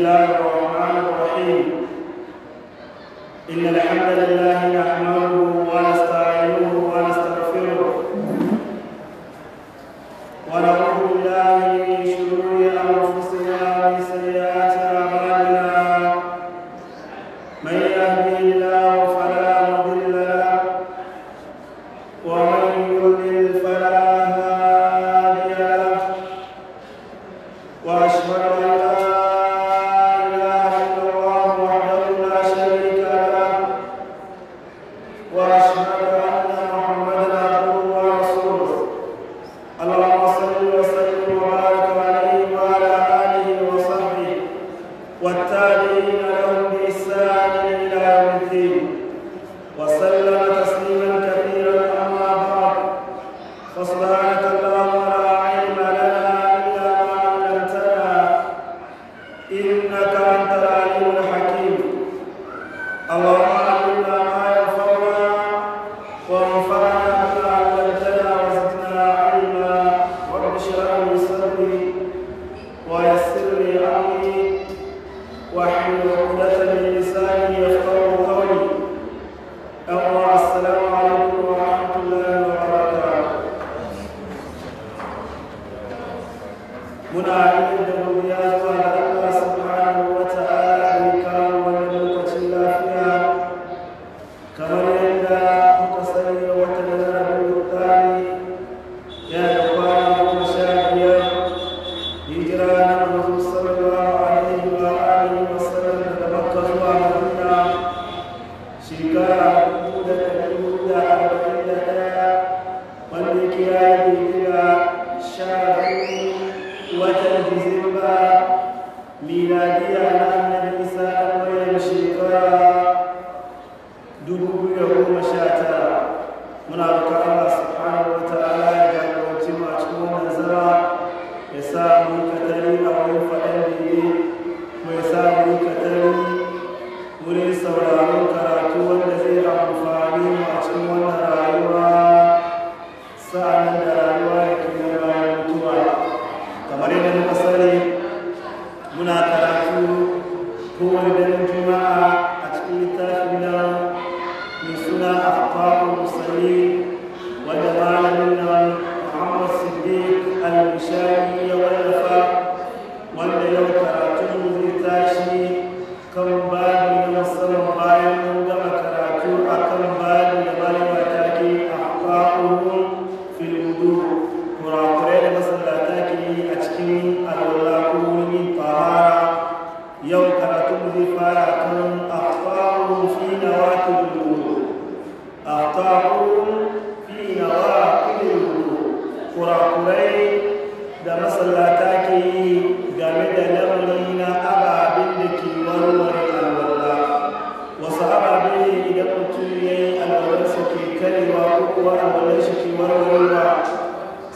milagro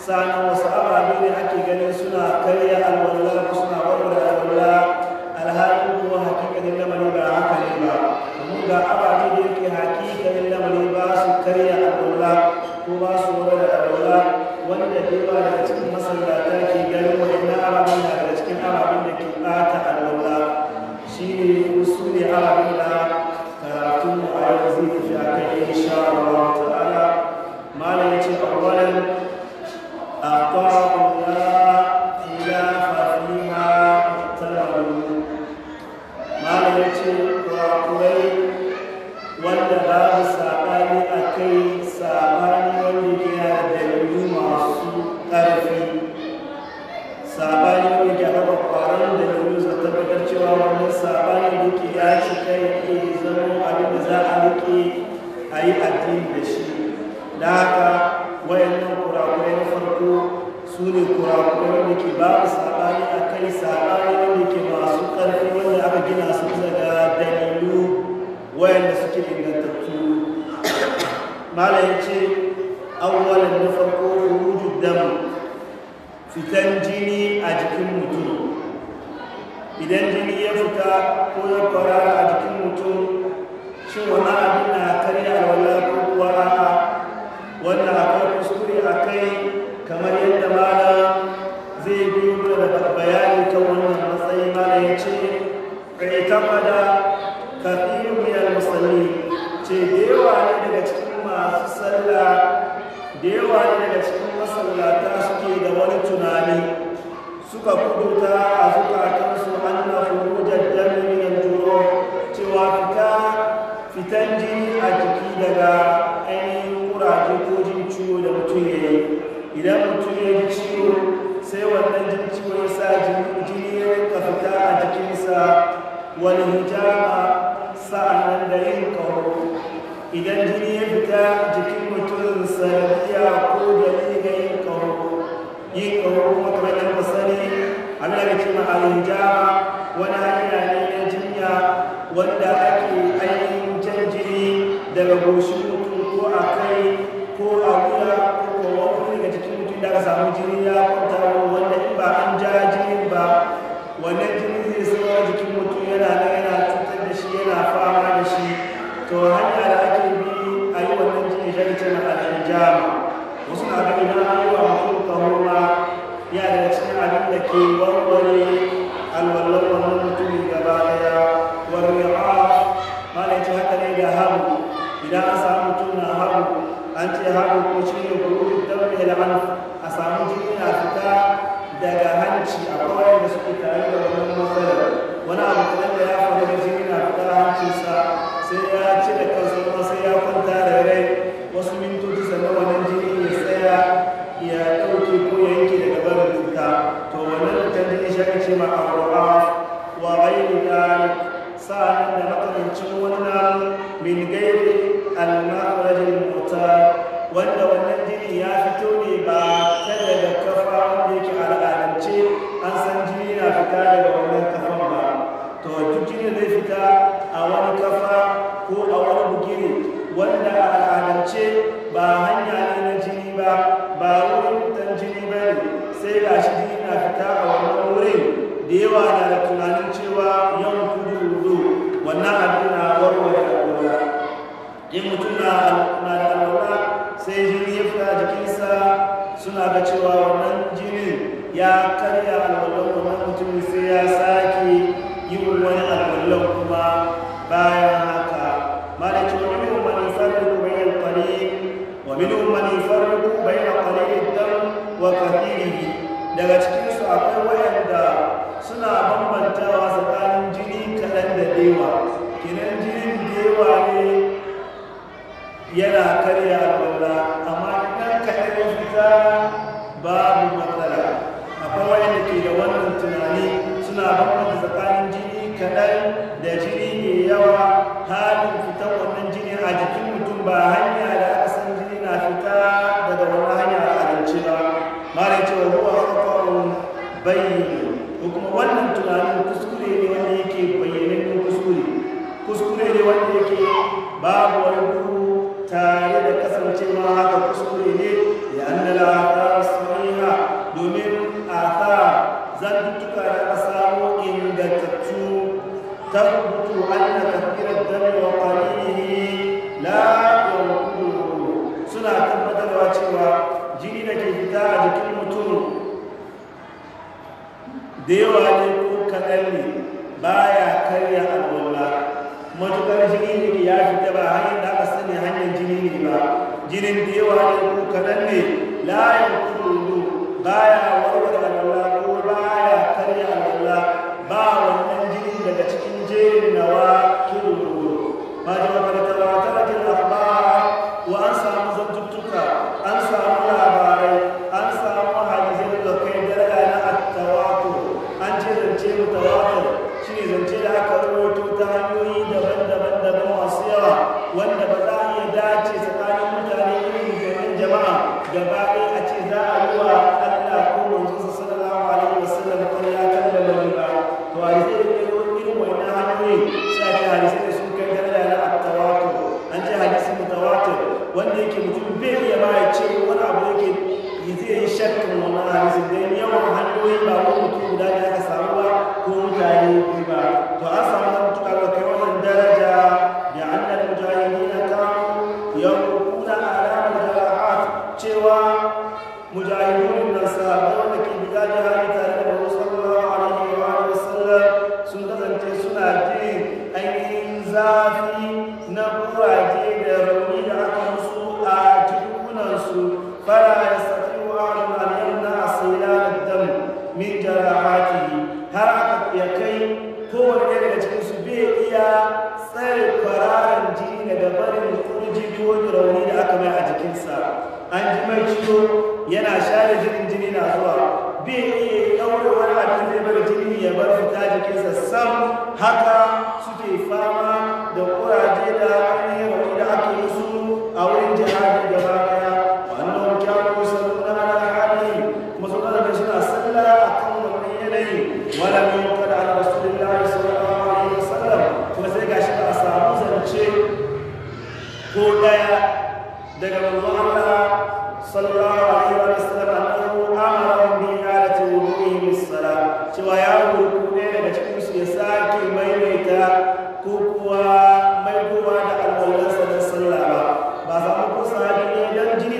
sana ba ba wurin dan jini ba ne sai ga shi jini na fita a wannan wurin da yawa na da tunanin cewa yawan kudu wudu wannan abu na warware alwala in mutum na da alwala sai jini ya fita jikinsa suna ga cewa wannan jini ya karya alwallan wannan mutum sai ya sake yi wani alwallan kuma daga cikin su akwai wayanda suna bambantawa tsakanin jini kaɗan da dewa kinan jinin dewa ne yana karya lura amma ɗan kaɗan ya fita babu matsala akwai wayanda ke da wannan tunani suna bambanta tsakanin jini kaɗan da jini mai yawa halin fitan wannan jini a jikin mutum ba hanya da aka san jini na fita bayyana ko kuma wannan tunanin kuskure ne wanda yake bayyane ko kuskure kuskure ne wanda yake babu wani duhu tare da kasancewa haka kuskure ne ya annala ta sahiha domin a ta zantuka da ka samu ingantattu tabbutu annaka kiran dan wa da yawa ne ko kaɗan ne baya karya alwala matuƙar jini ne ya fita ba hanyar da aka sani hanyar jini ne ba jinin da yawa ne ko kaɗan ne layin kudu baya warware alwala ko baya karya alwala ba wannan jini daga cikin jerin nawa kudu manzon Allah sallallahu alaihi wa sallam annahu amara cewa ya ruku ne daga cikin su ya sake maimaita ko kuwa da alwalansa da sallah ba ba kusa ne dan jini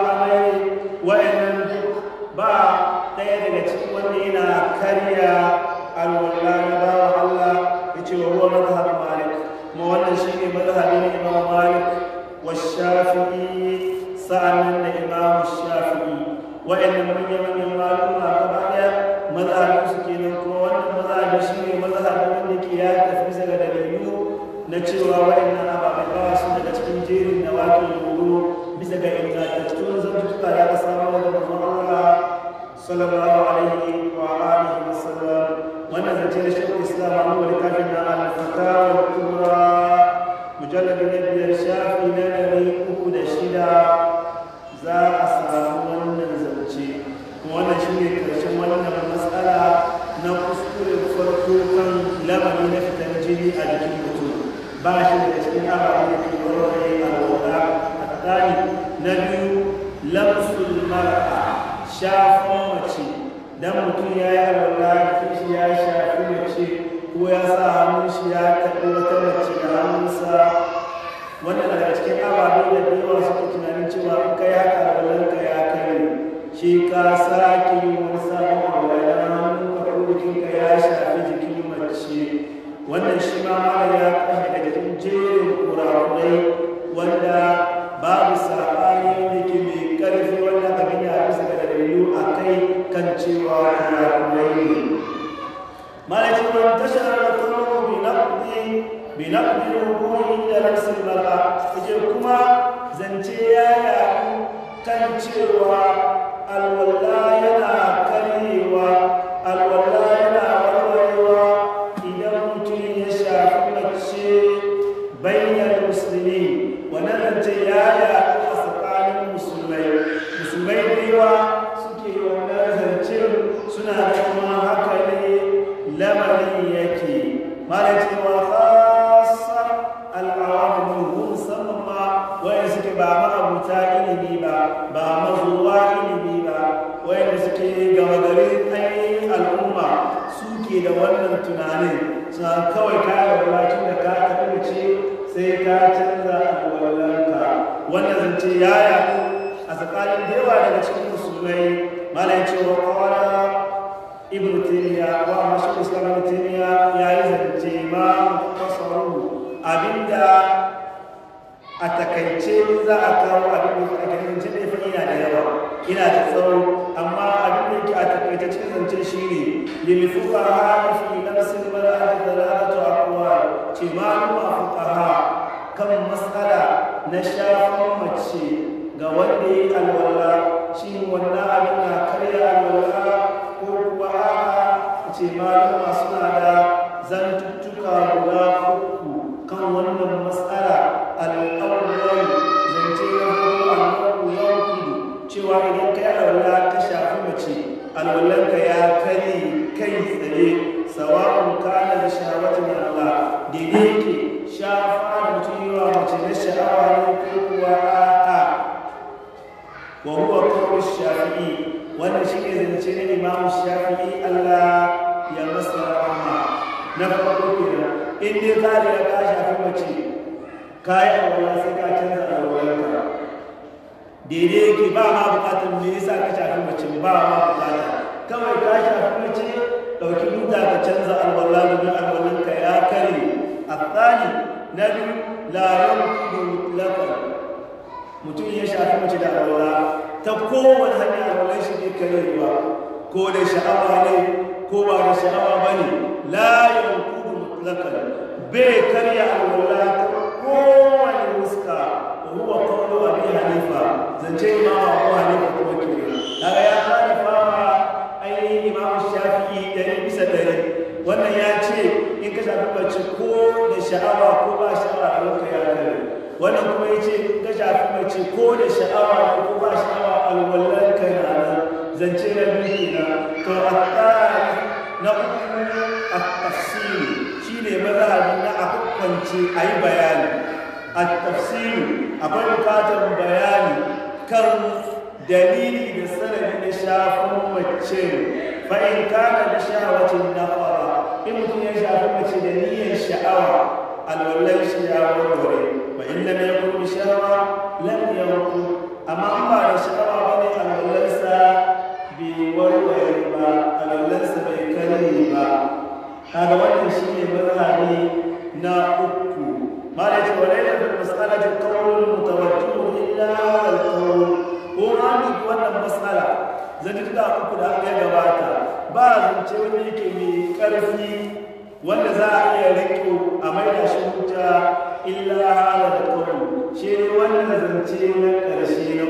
amai wa'annan duk ba ɗaya daga cikin wanda yana karya alwala na wa Allah ya ce wa ruwa mazhab malik kuma wannan shi ne mazhabin imam malik wa shafi'i sa'annan da imam shafi'i wa'annan manya-manyan maluma gaba ɗaya mazhabin su kenan kuma wannan mazhabin shi ne mazhabin wanda ke ya tafi bisa ga dalilu na cewa wa'annan ababai ba su daga cikin jerin da wakil bisa ga ingantaccen sallallahu alaihi wa alihi wa sallam wannan zance da shekul islam an wani kafin na alfatawa kubra mujallabi na biyar shafi na ɗari uku da shida za a samu wannan zance wannan shi ne ƙarshen wannan matsala na kuskuren farko kan lamari na fitar jini a jikin mutum ba shi da cikin ababen da ke warware a wata a tsari na biyu lamsul mara shafin mace dan mutum ya yi alwala shi ya shafi mace ko ya sa hannun shi ya taɓa wata mace da hannunsa wanda daga cikin ababen da yawa suke tunanin cewa in kai haka alwalanka ya kare shi ka sake yi wani sabon alwala hannun ka ko jikinka ya shafi jikin mace wannan shi ma mara ya kashe daga cikin jerin kurakurai wanda babu saɓani ne bashara kuma bi naqdi bi naqdi rubuhi inda rasul mar'a yace kuma zance ya yaɗu kan alwala yana karyewa alwala daidai yake ba ma bukatar me yasa ka shafi mace ba ma bukatar kawai ka shafi mace ɗauki duka ka canza alwala domin alwalan ka ya kare a tsani na biyu layan kudu mutum ya shafi mace da alwala ta kowane hanyar alwalan shi ne karewa ko da sha'awa ne ko ba da sha'awa ba ne layan kudu lakar bai karya alwala ta kowane fuska huwa a abi halifa zance imam abu hanifa kuma ke kaga ya hanifa ainihin imam shafi'i dari bisa ɗari. wannan ya ce in ka shafi mace ko da sha'awa ko ba sha'awa a lokacin ya wannan kuma ya ce in ka shafi mace ko da sha'awa ko ba sha'awa alwallan ka na nan zance na biyu to a na uku a tafsiri shine mazhabin na a hukunci a yi bayani التفصيل أبن كاتم بياني كرم دليل بسنة شاف مجين فإن كان بشهوة النظر إن كنت يشاف مجدنيا شعوى الولي شعوى الولي وإن لم يكن بشهوة لم يكن أما أما شعوى بني الوليس بولي ما الوليس بكريم هذا وجه شيء مذهبي ناقب ما ليس وليس في المسألة قول متوجه إلا هذا القول هو عندي wannan mas'ala zantuka uku da aka gabata ba zance wanda yake mai karfi wanda za a iya riko a mai da shi hujja illa da zance na karshe na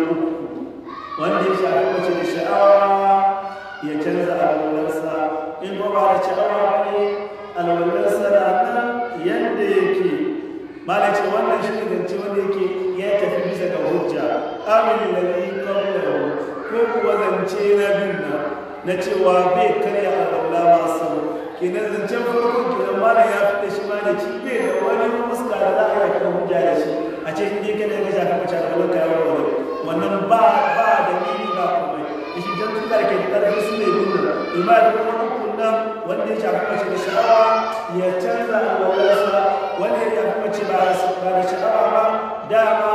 wanda ya shafi mace da sha'awa ya canza alwalarsa in ba ba da sha'awa ne alwalar Malaki wannan shi ne zance wanda yake ya tafi bisa ga hujja amin yi kawai ko kuwa zance na biyu na cewa bai karya alwala masu kenan zancen farko kenan malai ya fi da shi ma da shi bai da wani muska da za a yi kan hujja da shi a ce inda ya kada ka mace a gaban wani wannan ba ba da ni ba kuma da shi jan da ke da ƙarfi su ne biyu da imanin wani kunnan wanda ya shafi mace da sha'awa ya canza alwalarsa wanda ya kuma mace ba da sha'awa ba dama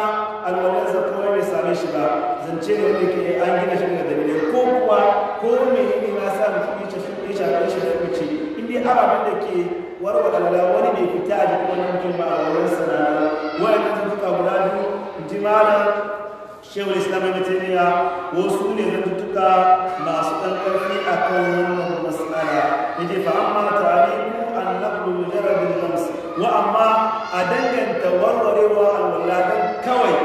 alwalarsa kuma bai same shi ba zance ne wanda ke an gina shi da dalilai ko kuwa ko me ne na sa shi ya shafi shi da kuma in dai ababen da ke warware alwala wani bai fita a jikin wani mutum ba alwalarsa na wani ta tuka guda biyu jimala shehu islam ibn taymiya wasu ne zantuka masu dan a kan wannan mas'ala yace fa amma ta'rifu an-naqlu mujarrad al-lams wa amma a danganta warwarewa al-waladan kawai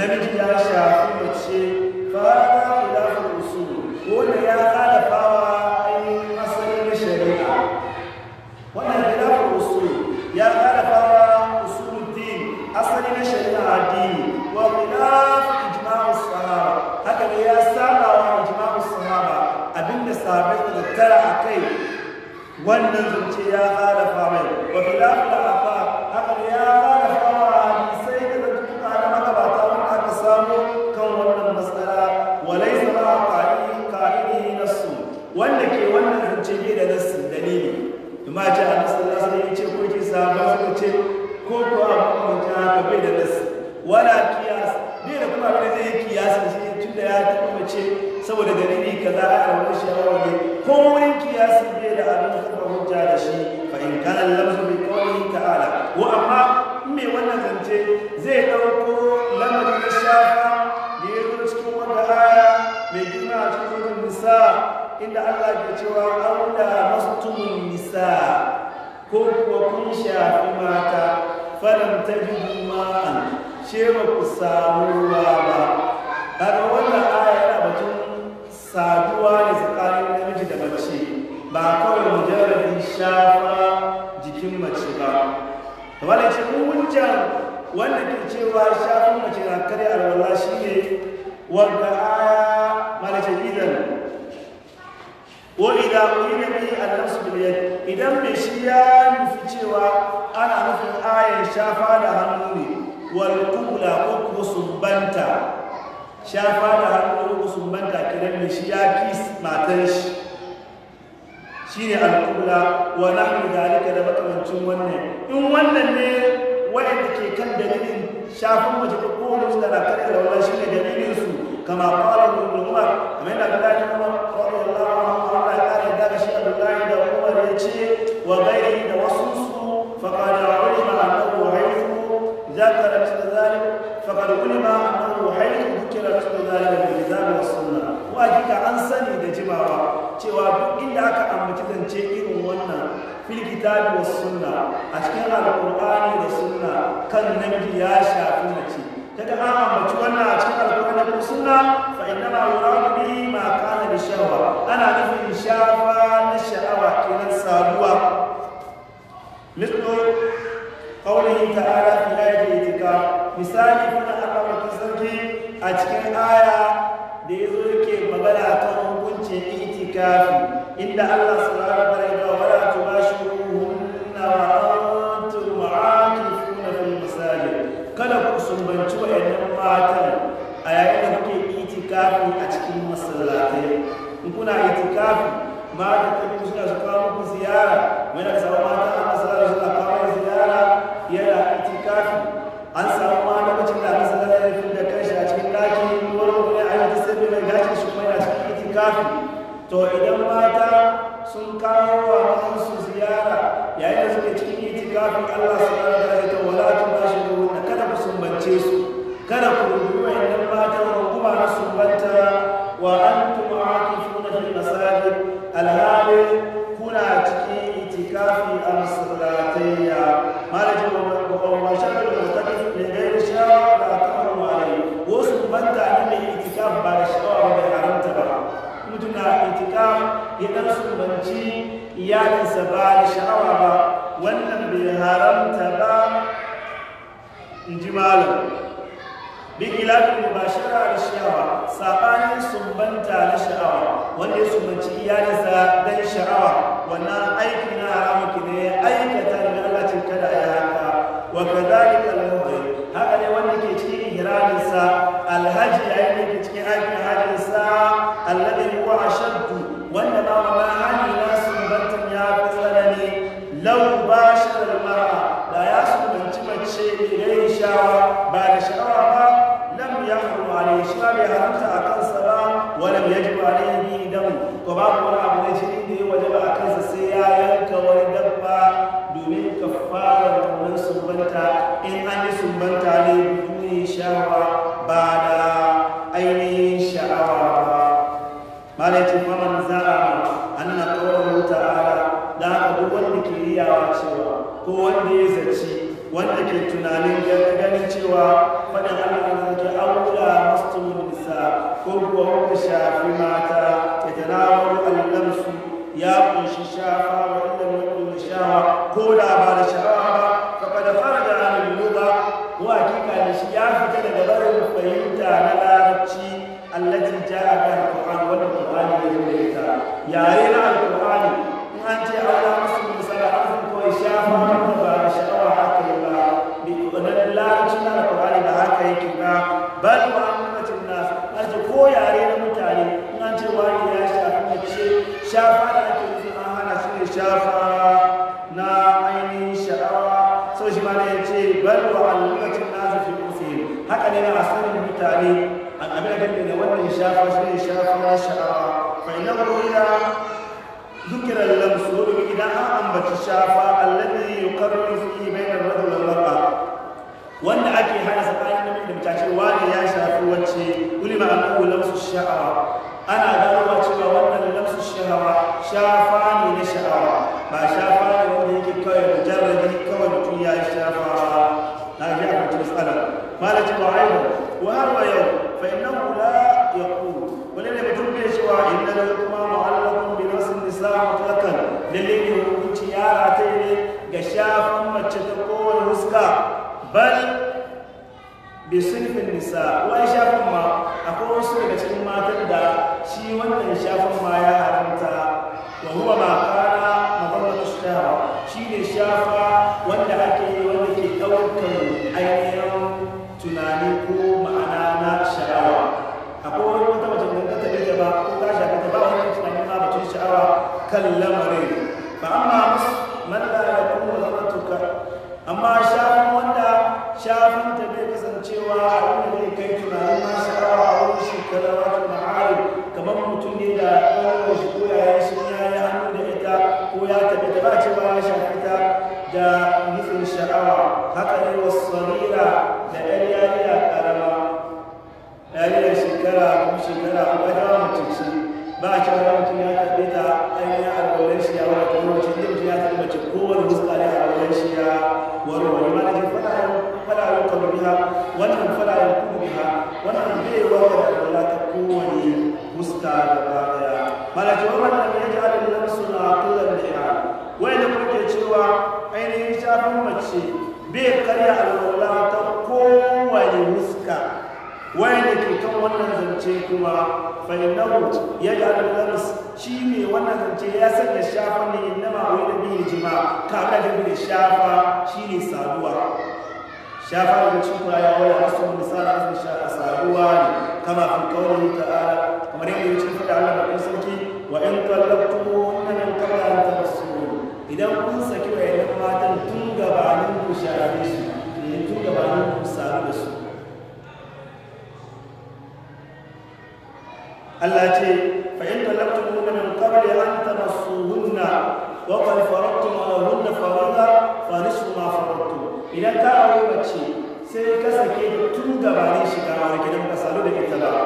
namiji ya shafi mace fa da akai wannan zance ya halafa mai wa a afa haka ya halafa fama sai da zantuka na ta wanda aka samu kan wannan matsala walai zama ka'ini na su wanda ke wannan zance ne da nasu dalili kuma ce a nasu sai ya ce ko ke sabon ce ko kuwa mutum ta bai da nasu wala ki sai tun da ya taɓa mace saboda dalili za a aure shi a wani ko kiyasi bai da abin kuma hujja da shi fa in kana lafzu bi qawli ta'ala ko amma me wannan zance zai ɗauko lamari na shafa da ya zo cikin wata aya mai girma a cikin wannan nisa inda Allah ke cewa auna mastumun nisa ko kuwa kun shafi mata falam tajidu ma'an shema ku samu ruwa ba kaga wannan aya yana batun saduwa ne tsakanin namiji da mace ba kawai mujarrabin shafa jikin mace ba kamar da wanda ke cewa shafin mace na kare alwala shi ne wanda aya malace idan wa idza ne bi an-nafs bil idan me shi ya nufi cewa ana nufin ayan shafa da hannu ne wal qula ko banta? shafa da hannun musulman takirar ne shi ya kis matar shi shi ne alƙula wa nahnu zalika da makamancin wannan in wannan ne da ke kan dalilin shafin mace da kowane suka na kare da wannan shi ne dalilin su kama qala ibn umar kamar yadda Abdullahi kuma Umar radiyallahu anhu Allah ya kare da shi Abdullahi da Umar ya ce wa ghairi da wasu su faqad ulima annahu haythu zakarat dhalik faqad ulima da zalika bil da was suna, ko hakika an sani da jimawa cewa duk inda aka ambaci zance irin wannan filgita da was suna, a cikin al'kur'ani da suna kan nan ya shafi mace ga an ambaci wannan a cikin alqur'ani da suna fa inna ma ma kana da sha'awa ana nufin shafa na sha'awa kenan sabuwa مثل قوله تعالى في آية الإتكاف a a cikin aya da ya zo yake magana ta hukuncin itikafi inda Allah subhanahu wa ta'ala ya wala tubashiruhunna wa antum ma'akifuna fil masajid kada ku sumbanci wayannan matan a yayin da kuke itikafi a cikin masallatai in kuna itikafi mata ta bi suna su kawo muku ziyara wani da sabon mata a masallatai suna kawo ziyara yana itikafi an samu littafi to idan mata sun kawo wa masu ziyara yayin da suke cikin itikafin Allah subhanahu wa ta'ala wala tubashiruna kada ku sumbace su kada ku rubuwa idan mata kuma na sumbanta wa antum aqifuna fil masajid alhali kuna cikin itikafi a masallaci ya ɗan sumbanci iyalinsa ba da sha'awa ba wannan bai haramta ba in ji malam bi ba shara da sha'awa saɓanin sumbanta na sha'awa wanda ya sumbanci iyalinsa don sha'awa wannan aiki na haramun ne aikata da Allah ce kada ya shawa ba da sha'awa ba lam ya haru alaihi shi ba bai haramta a kansa ba wa lam yajibu alaihi bi damu to babu wani abu ne shi da ya wajaba a kansa sai ya yanka wani dabba domin fara domin sumbanta in an yi sumbanta ne duni shawa ba da ainihin sha'awa ba malaikin faman zara annan kawar ta'ala da haka duk wanda ke yawa cewa ko wanda ya zaci wanda ke tunanin ya ganin cewa faɗin Allah ke aula mastumun nisa ko kuwa wanda shafi mata ya wani su, ya kunshi shafa wa inda mutum shawa ko da ba شاء وشيء شاء ما شاء فإنه إذا ذكر اللمس إذا الذي يقرر فيه بين الرجل والمرأة wanda ake hana tsakanin namiji da ya shafi wacce ulima annahu lamsu sha'awa ana ganowa cewa wannan lamsu sha'awa shafa ne na ba shafa ne wanda yake kawai mujarradi kawai mutum ya inna kuma mu'allaqun bi nafsin nisa mutlaqan lalle ne hukunci ya rataye ne ga shafan mace ta kowane huska bal bi sunfin nisa wani shafan ma akwai wasu daga cikin matan da shi wannan shafan ma ya haramta wa huwa ma kana madallatu shi ne shafa wanda ake yi wanda ke ɗaukar ainihin kan lamarin ba amma malla ya kuma zaratuka amma shafin wanda shafin ta bai kasancewa abin zai kai tunanin na sha'awa a wurin shekara wata ma'arif kamar mutum ne da ɗaukar shi ko ya yi sun ya yi hannu da ita ko ya tafi da ba ce ba ya shafi da nufin sha'awa haka ne wasu sarira da ɗan yariya ƙarama yariyar shekara kuma shekara ba ta mutum ba a kyau ranar mutum wani mace inda mutum ya taɓe mace kowane fuska ne alwalan shi ya wani wani bai da na suna kudan da wani da kuke cewa ainihin shafin mace bai karya alwala ta kowane fuska da ke kan wannan zance kuma fainahu ya ga al shi ne wannan zance ya sanya shafa ne innama wa da biyu jima ga da bihi shafa shi ne saduwa shafa da cikin ya wala asu misala asu shafa saduwa kama fi qawlihi ta'ala kamar yadda yake faɗa Allah da kun sarki wa in tallaqtumunna min qabla an tamassu idan kun saki wa matan tun gabanin ku shafe su Allah ce fa in talaqtuhunna min qabli an tamassuhunna wa qad faradtum lahunna farida fa nisfu ma faradtum idan ka aure mace sai ka sake da tun gabanin shiga ma gidan ka salo da ita ba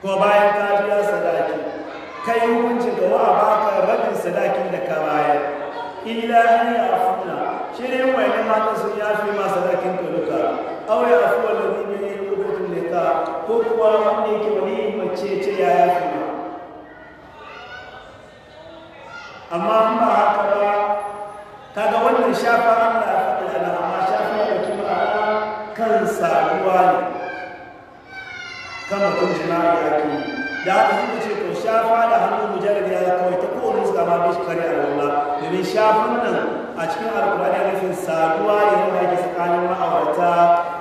ko bayan ka biya sadaki kai hukuncin da a baka rabin sadakin da ka bayar illa an yafuna shi ne wani matan sun yafi ma sadakin ka duka aure afuwa da ne ne ko kuma wanda yake wani mace ce ya yafi ba amma in ba haka ba ta ga wannan shafa Allah ya faɗi ana amma shafa ya ɗauki ma'ana kan saduwa ne kama kun jima'a ya ke da haka suka ce to shafa da hannu mujallar ya kawai ta kowane suka ma bishi kare a wallah domin shafin nan a cikin alkur'ani nufin saduwa ne wanda ke tsakanin ma'aurata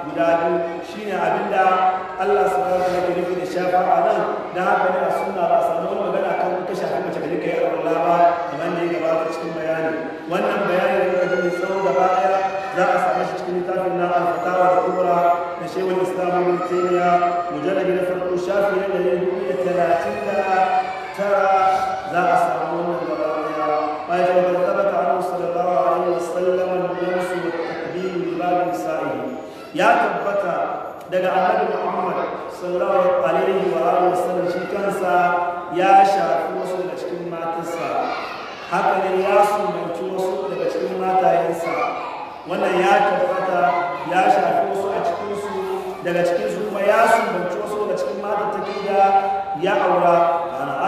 guda biyu shine abinda Allah subhanahu wa ta'ala da shafa a nan da haka ne a sunna ba a samu wani magana kan wata shafa mace da duka yi Allah ba kamar da ya gabata cikin bayani wannan bayani da kuka ji tsawo gaba daya za a samu shi cikin littafin na al-fatawa da kubra na shehul islam ibn taymiya mujallad na farko shafi na sallallahu alaihi wa alihi wasallam shi kansa ya shafi wasu daga cikin matarsa haka ne ya sumbanci wasu daga cikin matayensa wannan ya tabbata ya shafi wasu a cikinsu daga cikinsu kuma ya sumbanci wasu daga cikin matar ta ya aura ana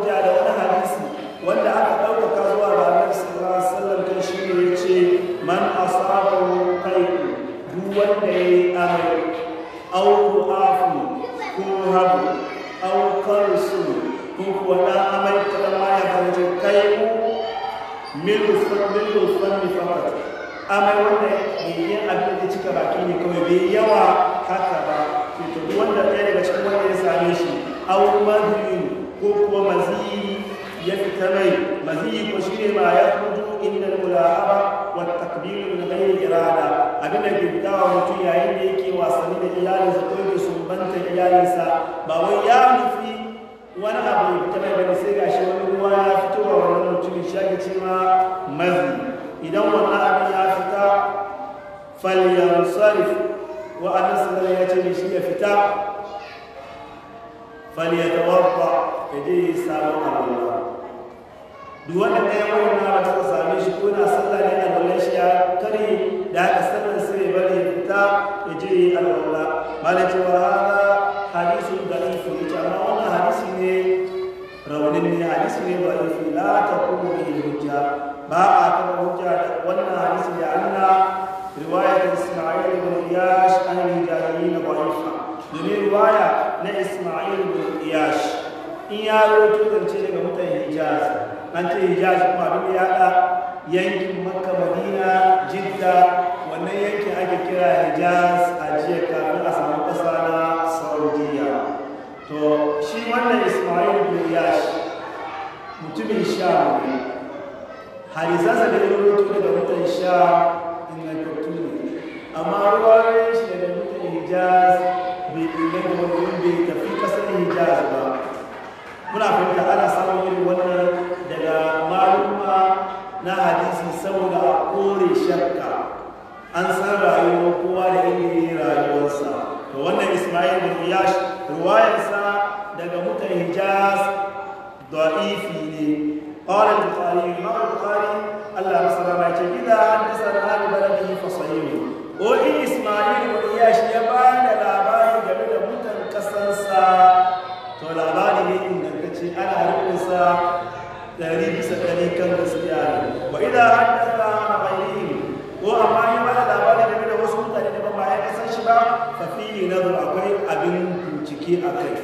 hujja da wani hadisi wanda aka ɗaukaka zuwa ga annabi sallallahu alaihi kan shi ne ce man asabahu qayku duk wanda yayi amai aw afu ko habu aw qarsu ko kuwa da amai ta ma ya ganje kai min usfan min fakat amai wanda yayin abin da cika baki ne kawai bai yawa haka ba wanda ɗaya daga cikin wanda ya same shi aw madhin ko kuma mazi ya fita mai mazi ko shi ne ma ya fito inda mula'aba wa takbiru da ghairi irada abin da ke fita wa mutum yayin da yake wasanni da iyalinsa ko yake sumbanta iyalinsa ba wai ya nufi wani abu ya fita mai bane sai gashi wani ruwa ya fito wa wannan mutumin shaki ce ma mazi idan wannan abin ya fita falyansarif wa annas ya ce shi ya fita فليتوضا يجي سامو الله duk wanda ɗaya wani mara suka same shi ko na sallah ne alwallar shi ya kare da aka sallar sai bari ya fita ya je yi alwallah malai cewa hada hadisu da ifo ya ce amma wannan hadisi ne raunin ne hadisi ne ba ifo la ta kuma yi hujja ba a taɓa hujja da wannan hadisi da anna riwayatin ismail ibn iyash yi na ba'ifa domin riwaya na ismail bin iyash in ya roto zance daga mutan hijaz an ce hijaz kuma abin ya da yankin makka madina jidda wannan yankin ake kira hijaz a jiya kafin a samu ƙasa na saudiya to shi wannan ismail bin iyash mutumin sha ne harisansa da ya roto daga mutan sha ingantattu ne amma ruwayoyin shi daga mutan hijaz ya kuma domin bai tafi kasar hijaz ba muna fahimta ana samun irin wannan daga maluma na hadisi saboda a kore shakka an san rayuwar kowa da irin rayuwarsa to wannan ismail bin iyash ruwayarsa daga mutan hijaz da'ifi ne قال البخاري الإمام البخاري الله صلى الله عليه وسلم إذا حدث to labari ne ingantacce ana rubin sa ɗari bisa ɗari kan gaskiya wa idan haddasa na bayyani ko amma yi ba labari game da wasu mutane da ba ma ya kasan shi ba fafi na zo akwai abin bincike a kai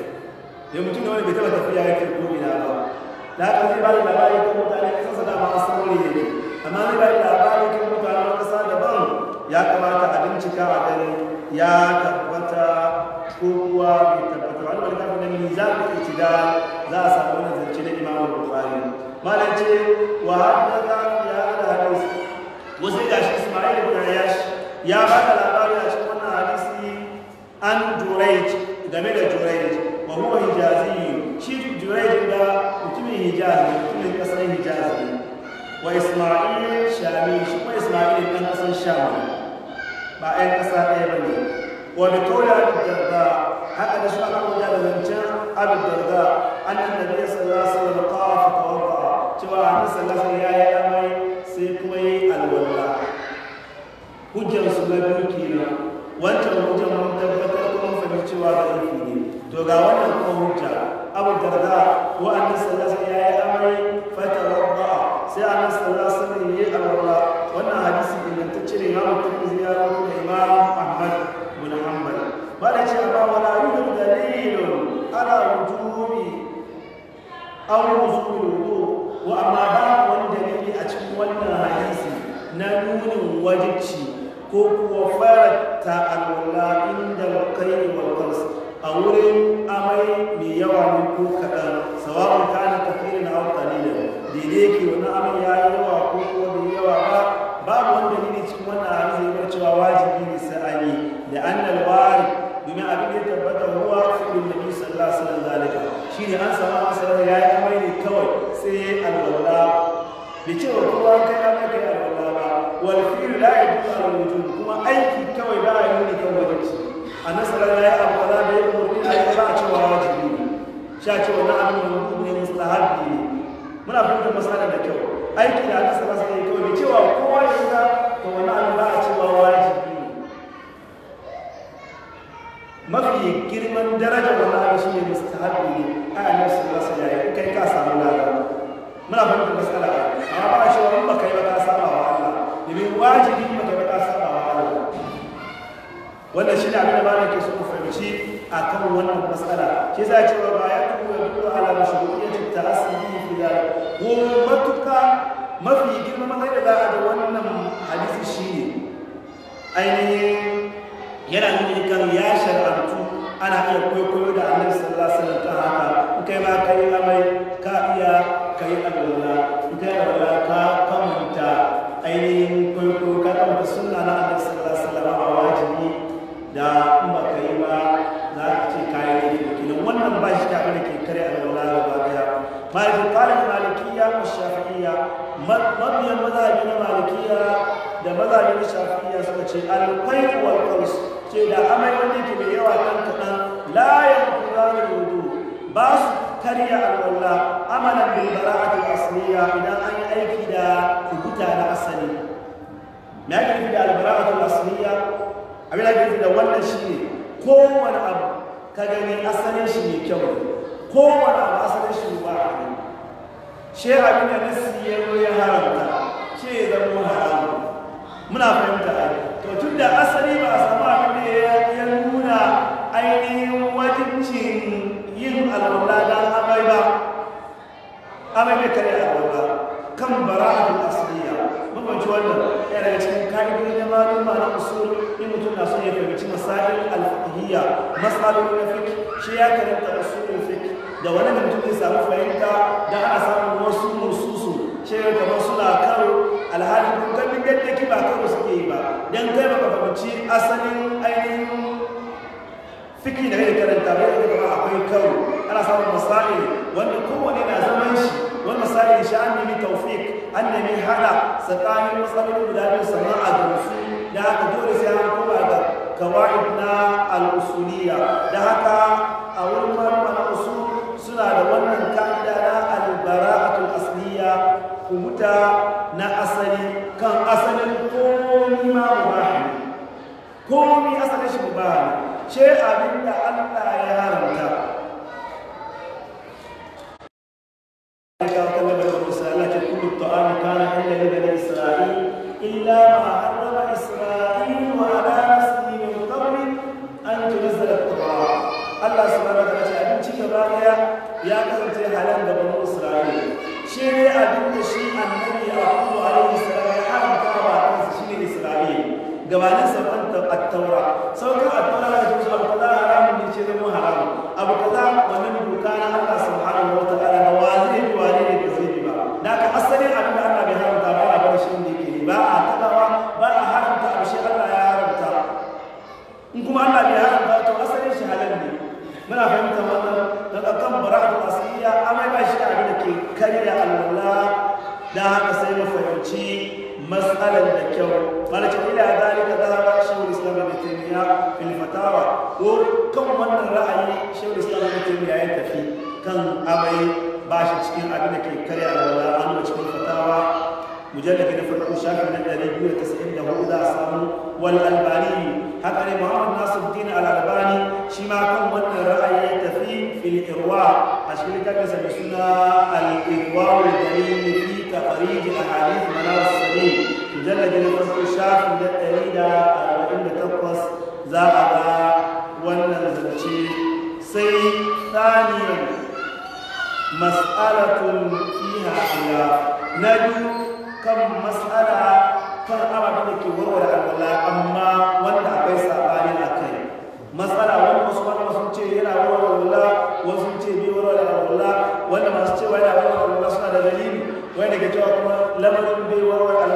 da mutum da wani bai taɓa tafiya ya kai ko'ina ba da haka zai ba da labari kan mutane kasan sa ba a sauri ne ne amma zai ba labari kan mutane kasa daban ya kamata a bincika a gani ya tabbata ko ruwa mai tabbatar wani wani kafin nan za mu iya shiga za a samu wannan zance na imam bukhari malam ce wa hadda ya hada hadis wasu gashi ismail ibn yash ya ba da labari a cikin wannan hadisi an jurayj game da jurayj wa huwa hijazi shi jurayj da mutumin hijazi mutumin kasar hijazi wa ismail shami shi kuma ismail ɗan kasar sham ba ɗan ƙasa ɗaya ba ne wani tura darda haka da su aka kuma zancen abin darda an nan da biya sallasa da kawo fa kawo cewa hannun sallasa ya yi amai sai kuma yi alwala hujjar su na biyu kenan wancan hujjar mun tabbatar kuma fahimci cewa da ne to ga wannan kuma hujja aikin da alisa kawai cewa kowa ya shiga to wani abu ba a cewa wajibi ne mafi girman daraja wani abu shi ne mustahabi ne a annabi sallallahu kai ka samu lada muna fahimtar masala amma ba a cewa in baka yi ba ka saba wa Allah domin wajibi in baka yi ba ka saba wa Allah wannan shi ne abin da ba ke so ku fahimci a kan wannan matsala shi za a cewa yana nuna kan ya shar'antu ana iya kwaikwayo da annabi sallallahu alaihi wasallam ta haka in kai ba kai amai ka iya kai alwala in kai alwala ka kamanta ainihin kwaikwayo ka kamanta sunna na annabi sallallahu alaihi wasallam a wajibi da in ba kai ba za ka ce kayi ne da kinan wannan ba shi ta bane ke kare alwala ba daya malik qalil malikiyya wa shafi'iyya mabiyan mazhabi na malikiyya da mazhabi na shafi'iyya suka ce al-qayl wal qaws ce da amai wani ke mai yawa kan kaɗan layan ƙuranin wudu ba su karya alwala amalan bil bara'atul asliya idan an yi aiki da kubuta na asali me ake nufi da albara'atul asliya abin da ake nufi da wannan shi shine kowane abu ka gani asalin shi mai kyau kowane abu asalin shi ne ba a gani shi abin da nasi ya zo ya haramta shi ya zama haramu muna fahimta to tun da asali ba a samu abin nuna ainihin wajibcin yin alwala don amai ba amai bai kare alwala kan bara'atul asliya mabanci wannan yana daga cikin ka'idodi na malum na usul in mutum na son ya fahimci masail al-fiqhiyya masalolin na fiqh shi ya karanta usulul fiqh da wani da mutum zai samu fahimta da a samu wasu mususu shi ne kamar suna karo alhali kun gabin yadda kiba karo suke yi ba don kai baka fahimci asalin ainihin fiki na kake karanta ba da gaba akwai karo ana samun misali wanda kowane na zaman shi wani misali shi an nemi tawfiq an nemi hada tsakanin matsaloli guda biyu sama a gamsu da haka dole sai an koma ga kawaid na al-usuliyya da haka a wurin malama na suna da wannan ka'ida na al-bara'atul asliya kubuta na asali kan asalin komi ma mubahi komi asalin shi mubahi ce abin da Allah ya haramta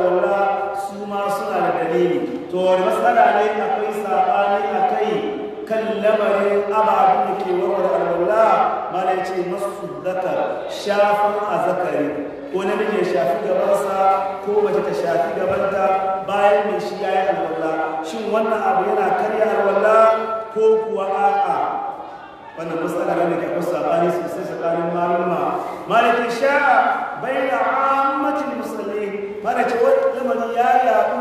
walla su ma suna da dalili to wani matsala ne akwai saɓani a kai kan lamarin ababin da ke wawar alwala mana ce masu zakar shafin a zakari ko na ya shafi gabansa ko mace ta shafi gabanta bayan mai shi ya yi alwala shin wannan abu yana karya alwala ko kuwa a'a wannan matsala ne da akwai sabani sosai tsakanin maluma malikin sha bai da ammatin mana ce wani lamari ya yaɗu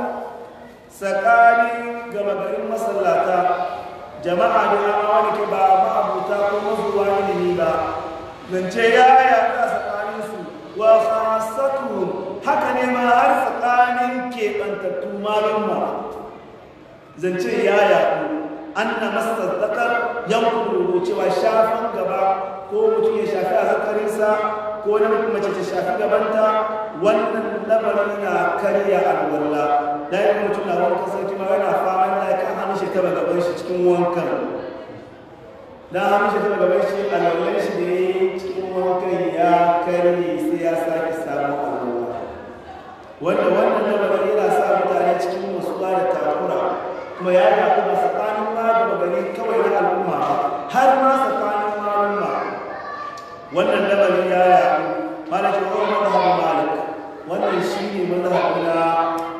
tsakanin gama garin masallata jama'a da yawa wani ke ba ma'abuta ko mazuwa ilimi ba zance ya yaɗu a tsakaninsu wa fasatu haka ne ma har tsakanin keɓantattu Zan zance ya yaɗu An anna masaddakar yankun rubucewa shafin gaba ko mutum ya shafi a zakarinsa ko na mace ta shafi gabanta wannan labarin na karya alwala da ya mutum na wanka sai kuma yana fama da ya kan hannun shi taba gaban shi cikin wankan na hannun shi taba gaban shi alwalan shi ne cikin wankan ya karye sai ya sake samun alwala wanda wannan labarin yana sa mutane cikin musuwa da takura kuma ya yi yaku da tsakanin ma da magani kawai na al'umma har ma tsakanin ma wannan labarin ya yaku malik ko madhhab malik wannan shine madhhab na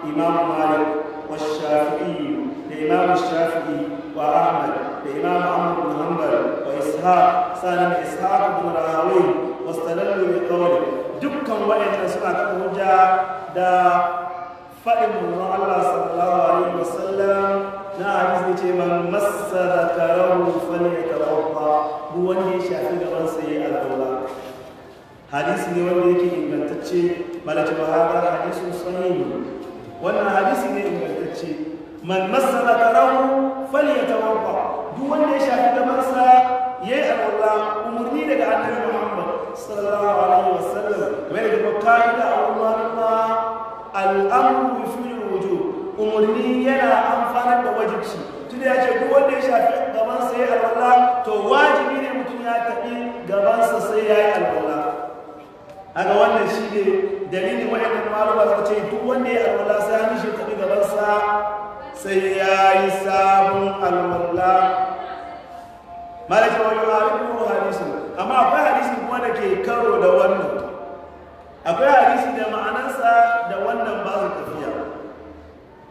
imam malik wa shafi'i da imam shafi'i wa ahmad da imam ahmad bin hanbal wa ishaq sanan ishaq bin rahawi واستدلوا بقوله دكا وإن سنة هجا دا فإن الله صلى الله عليه وسلم نعم من مس ذكره فليتوضأ بوجه hadisi ne wanda yake ingantacce malaki ba hada hadisun sahihi wannan hadisi ne ingantacce man masala tarahu falyatawadda duk wanda ya shafi ya yayi alwala umurni daga annabi Muhammad sallallahu alaihi wasallam mai daga kaida Allah Allah al-amru fi'li wujub umurni yana amfanar da wajibi tunda ya ce duk wanda ya shafi ya yayi alwala to wajibi ne mutum ya tafi gabansa sai yayi alwala haka wannan shi ne dalilin waɗannan maluma ce duk wanda ya alwala sai ya nishe tafi gabansa sai ya yi sabon alwala malaka wani kuma hadisu, amma akwai hadisi kuma da ke karo da wannan akwai hadisi da ma'anarsa da wannan ba su tafiya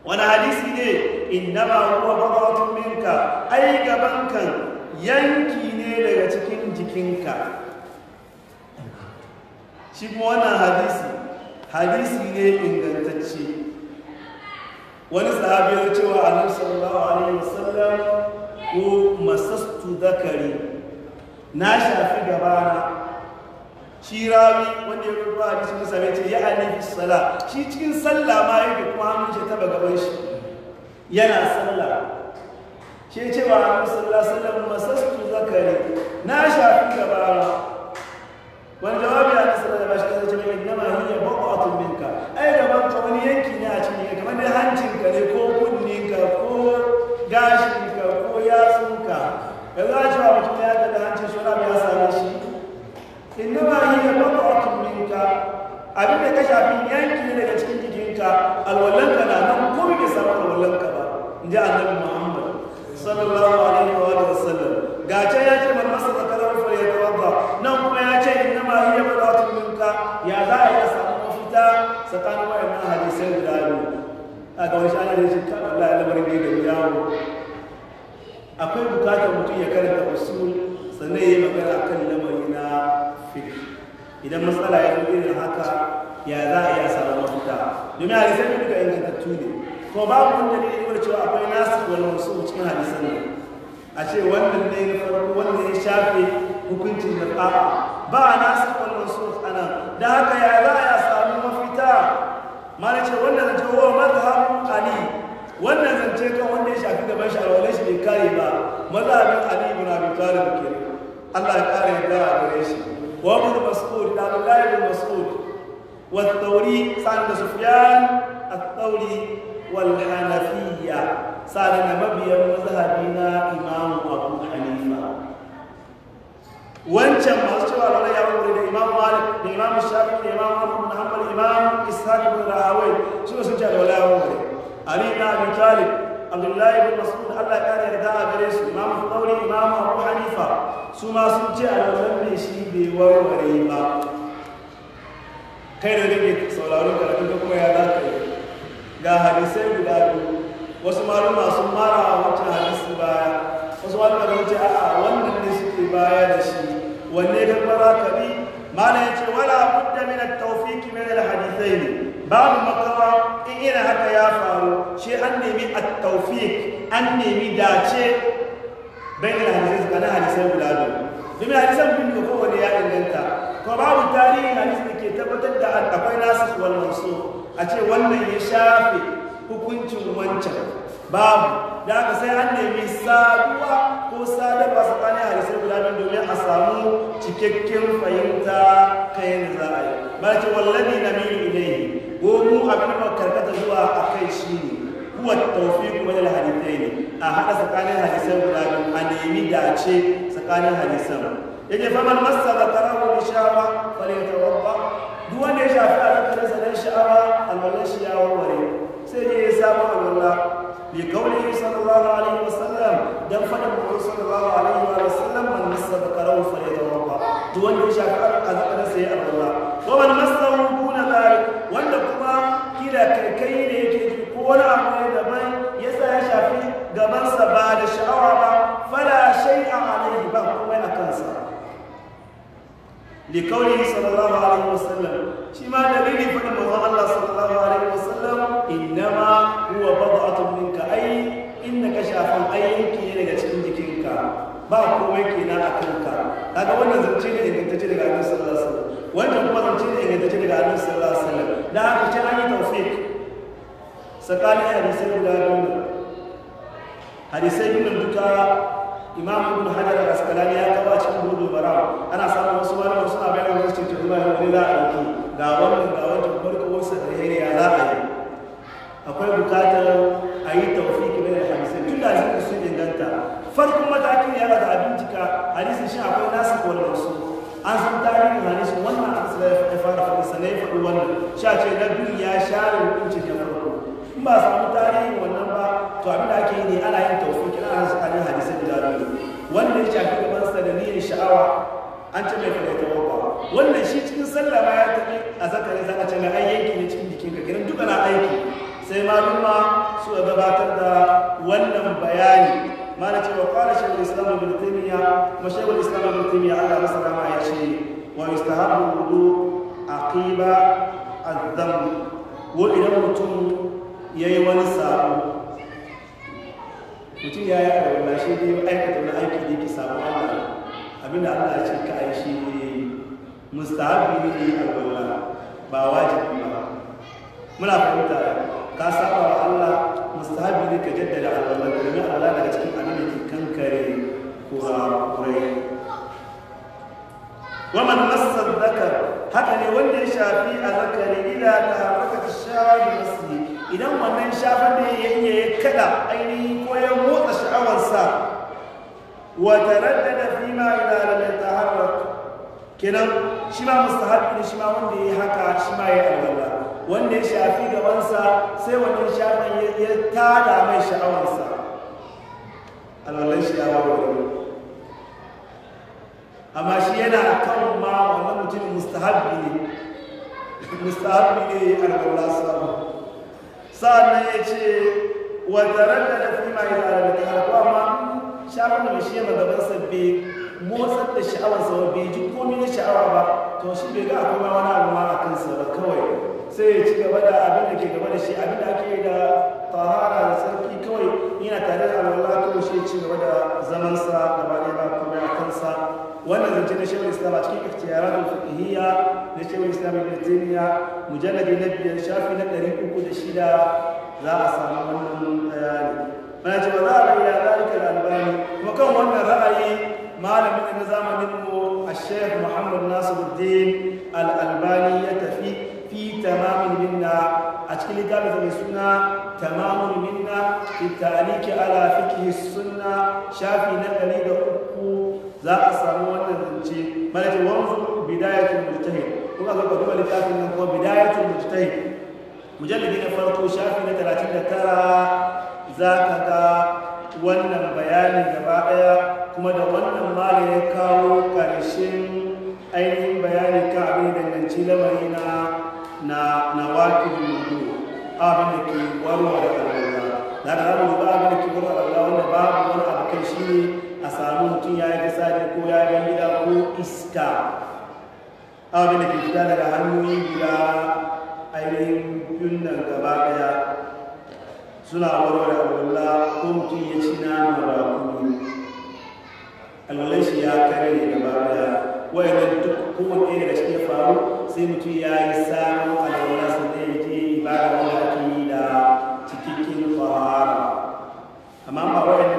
wani hadisi ne inda ba ruwa bakwatun minka ai gaban yanki ne daga cikin jikinka shi kuma wannan hadisi hadisi ne ingantacce wani sahabi ya ce wa annabi sallallahu alaihi wasallam ko masastu dakari na shafi gabana shi rawi wanda ya rubuta hadisi musa ya ce ya annabi sallah shi cikin sallah ma yake kuma hannun shi taba gaban shi yana sallah shi ce wa annabi sallallahu alaihi wasallam masastu zakari na shafi gabana wani jawabi ya kasar da bashi kasar cewa inna ma hiya baqatun minka ai da ban ka wani yanki ne a cikin kamar da hancinka ne ko kunninka ko gashinka ko yatsunka yanzu a cewa mutum ya ga da hancin shi wani ya sami shi inna ma hiya baqatun minka abin da ka shafi yanki ne daga cikin jikinka alwallanka na nan ko bai samu alwallanka ba in ji annabi muhammad sallallahu alaihi wa sallam ga can ya ce man masara ma hiya bid'atun minka ya za a yi samu mafita tsakanin wayannan hadisai guda biyu a ga wani ana da shi kan Allah lamarin da ya yawo akwai bukatar mutum ya karanta usul sannan ya yi magana kan lamari na fiqh idan matsala ya zo irin haka ya za a iya samu mafita domin hadisai duka ingantattu ne ko babu wanda ne ya cewa akwai nasu wal mansu cikin hadisan nan a ce wannan ne na farko wanda ya shafe hukuncin da ba ba na sakon wasu anan da haka ya za a samu mafita mana ce wannan zance wa mazhabin ali wannan zance kan wanda ya shafi gaban shi alwalai shi bai kare ba mazhabin ali ibn abi talib ke Allah ya kare ya gara gare shi wa ibn mas'ud da Abdullah ibn mas'ud wa thawri sa'd sufyan at-thawri wal hanafiyya sa'an na mabiyan mazhabi na imamu abu hanifa wancan masu cewa lura ya wuri da imamu malik da imamu shafi da imamu abu na hanbal imamu ishaq ibn rahawai su sun ce da wala wuri ali na abi talib abdullahi ibn mas'ud Allah ya kare yarda a gare su imamu thauri imamu abu hanifa su ma sun ce a wannan ne shi bai warware ba kai da rage sauraron karatu da kuma ya za ka yi ga hadisai guda biyu wasu maluma sun mara wancan hadisi baya wasu maluma da wuce a'a wannan ne suke baya da shi wanne da ka bi? malam ya ce wala budda min at-tawfiq min al-hadithain babu makawa in irin haka ya faru shi an nemi at-tawfiq an nemi dace bayan al-hadithai ga na guda biyu domin hadisan bin da kowane ya inganta ko babu tarihin hadisi da ke tabbatar da akwai nasu wal mansur a ce wannan ya shafe hukuncin wancan babu da aka sai an nemi saduwa ko sadarwa tsakanin hadisai guda domin a samu cikakken fahimta ta yadda za a ba ce wallani na milu ilai ko mu abin da karkata zuwa a kai shi ne kuwa taufi kuma da halittai ne a haɗa tsakanin halisar guda a nemi dace tsakanin hadisan yake faman masa da tarahu sha'awa, shawa fal yatawadda duk wanda ya shafi a tattalin sanar sha'awa alwallan shi ya warware sai dai ya samu alwala bi kauli sallallahu alaihi wasallam dan fadin mutum sallallahu alaihi wasallam man masa bakarahu falyatawadda to wanda ya shafi azkar sai ya alwala wa man masa kuna dalik wanda kuma kila karkai ne yake ji ko wani abu ne daban yasa ya shafi gabansa ba da sha'awa ba fala shay'a alaihi ba li kauli sallallahu alaihi wasallam shi ma dalili fadin manzon Allah sallallahu alaihi wasallam innama huwa bad'atun minka ai innaka shafan ayyanki ne daga cikin jikinka ba komai kenan a kanka kaga wannan zance ne ingantacce daga Annabi sallallahu alaihi wasallam wannan kuma zance ne ingantacce daga Annabi sallallahu alaihi da haka ce an yi tawfik tsakanin hadisai guda biyu hadisai biyu duka imam ibn hajar al-asqalani ya kawo a cikin burdu bara ana samun wasu malaman suna bayan wasu cikin zuwa da wani za a ɗauki ga wannan ga wancan farko wasu da ya za a yi akwai bukatar a yi taufiki bai da tun da hadisin su inganta farkon matakin yana da bincika hadisin shi akwai nasu ko da wasu an san tarihin hadisin wannan an ya fara faɗi sanai faɗi wannan sha ce na biyu ya share hukuncin ya farko in ba samu tarihin wannan ba to abin da ake yi ne ana yin tausu kina ana tsakanin hadisai guda biyu wanda ya shafi gaban sa da niyyar sha'awa an ce mai tawo ba wannan shi cikin sallah ma ya tafi a zakari zaka ce mai ayyuki ne cikin jikin ka gidan duka na aiki sai ma su suka gabatar da wannan bayani mana cewa da islamu islam ibn taymiya wa shaykhul islam ibn taymiya Allah dama ya ce wa yustahabu wudu aqiba adh wa idan mutum ya yi wani sabo mutum ya yi arwala shi ne aikata wani aiki da yake samu Allah abinda Allah ce ka yi shi ne ya yi mustahabi ne ya yi arwala ba wajibi ba muna fahimta ka saba wa Allah mustahabi ne ka jaddada arwala domin Allah daga cikin abin da ke kankare kurakurai waman masar zakar haka ne wanda ya shafi a zakari ila ta haɓaka sha da masu idan wannan shafin da ya iya ya kada ainihin ko ya motsa sha'awarsa wa taraddada fi ma ila ta yataharrak kenan shi ma mustahabi ne shi ma wanda ya haka shi ma ya alwala wanda ya shafi gabansa sai wannan shafin ya tada mai sha'awarsa alwalan shi ya wawa amma shi yana kan ma wannan mutumin mustahabbi ne mustahabbi ne ya alwala samu sa'annan ya ce wa tarar da fi ma yi da harko ma shafin da shi yana gaban sabbi motsar da sha'awar sa bai ji komai na sha'awa ba to shi bai ga akwai wani abu ma a kansa ba kawai sai ya ci gaba da abin da ke gaba da shi abin da ake da tahara da sarki kawai yana tare da alwala kawai shi ya ci gaba da zamansa gaba ɗaya ba kuma a kansa wannan zance na shehu islam a cikin ikhtiyarat fiqhiyya na shehu islam ibn taymiya mujallad na biyar shafi na ɗari uku da shida za samu wannan bayani ba ce ba za a bayyana dalika da albani kuma kan wannan ra'ayi malamin na zamanin mu a shehu muhammad nasiruddin al-albani ya tafi fi tamamin minna a cikin littafin da mai suna tamamin minna fi taliki ala fiqhi sunna shafi na ɗari da uku za a samu wannan zance malaka wanzu bidayatul mujtahid kuma ga kuma littafin nan ko bidayatul mujtahid mujallidi na farko shafi na 39 za ka ga wannan bayanin gaba daya kuma da wannan mali ya kawo karshen ainihin bayanin ka abin danganci lamari na na na wakilin mudu abin da ke warware alwala da da abin da gidajen gida ko iska abin da ke fita daga hanyoyin gida ainihin yunnan gaba daya suna warware alwala ko mutum ya ci naman rakumi alwalai shi ya kare ne gaba daya wayannan duk kowane ɗaya daga cikin faru sai mutum ya yi samun alwala sannan ya je ibada wanda ake yi da cikakken fahara amma ba wayannan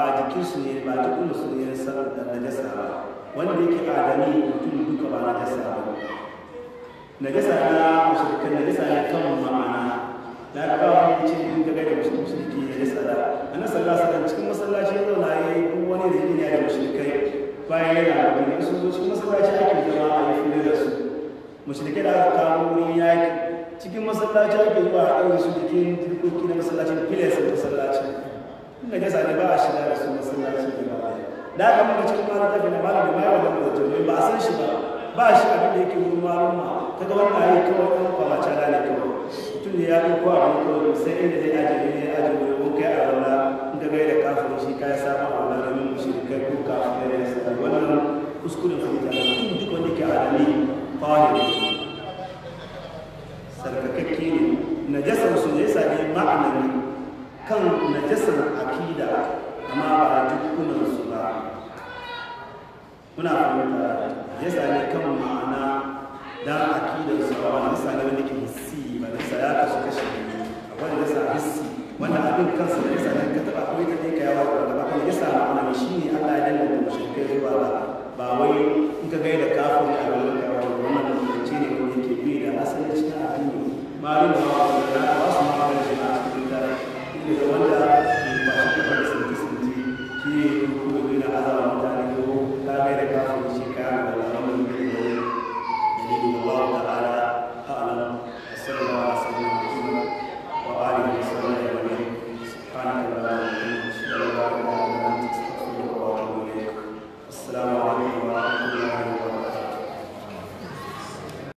ba jikinsu ne ba jikinsu ne na najasa ba wanda yake adami mutum duka ba na najasa ba Na najasa na musulkan najasa ne kan ma'ana larabawa ne ce in gaga da musulki ya sada da sallah sallan cikin masallaci ya zauna ya yi duk wani da yana da musulkai bayan yana da wani sun zo cikin masallaci ake zama a yi fili da su musulkai da aka kawo wurin yaki cikin masallaci ake zuwa a ɗaure su jikin jirgoki na masallacin filas na masallacin inda ka sani ba a shiga da su masallaci da ba da aka muka cikin mara tafi na mara da mayawa da mazajin ba a san shi ba ba shi abin da yake wurin malum ma ta ga wannan ayi kawai ɗan kwamace da ne kawai mutum ne ya fi kowa a mutum sai inda zai ajiye ne ya ajiye ne ko kai a rana inda gai da kafin shi ka yi samu a rana domin mu shi kai ko kafin da ya sa wannan kuskuren fahimta da mutum duk wanda ke adali fahimta sarkakakke ne najasar su ne sa ne ma'anar kan najasar akida amma ba dukkanin su ba muna fahimta ya sami kan ma'ana da akida su ba wani sami wanda ke hissi ba da sa ya kasu kashe gani. A da sa hissi wanda abin kansa da ya sami ka taba akwai ka dai ka yawa da ba kuma ya sami wani shi ne Allah ya danganta mushrikai zuwa ba ba wai in ka gaida kafin a da ka ba wannan mutunci ne wanda yake bi da asali cikin abin da ba wa da ba su ma ba da shi you know,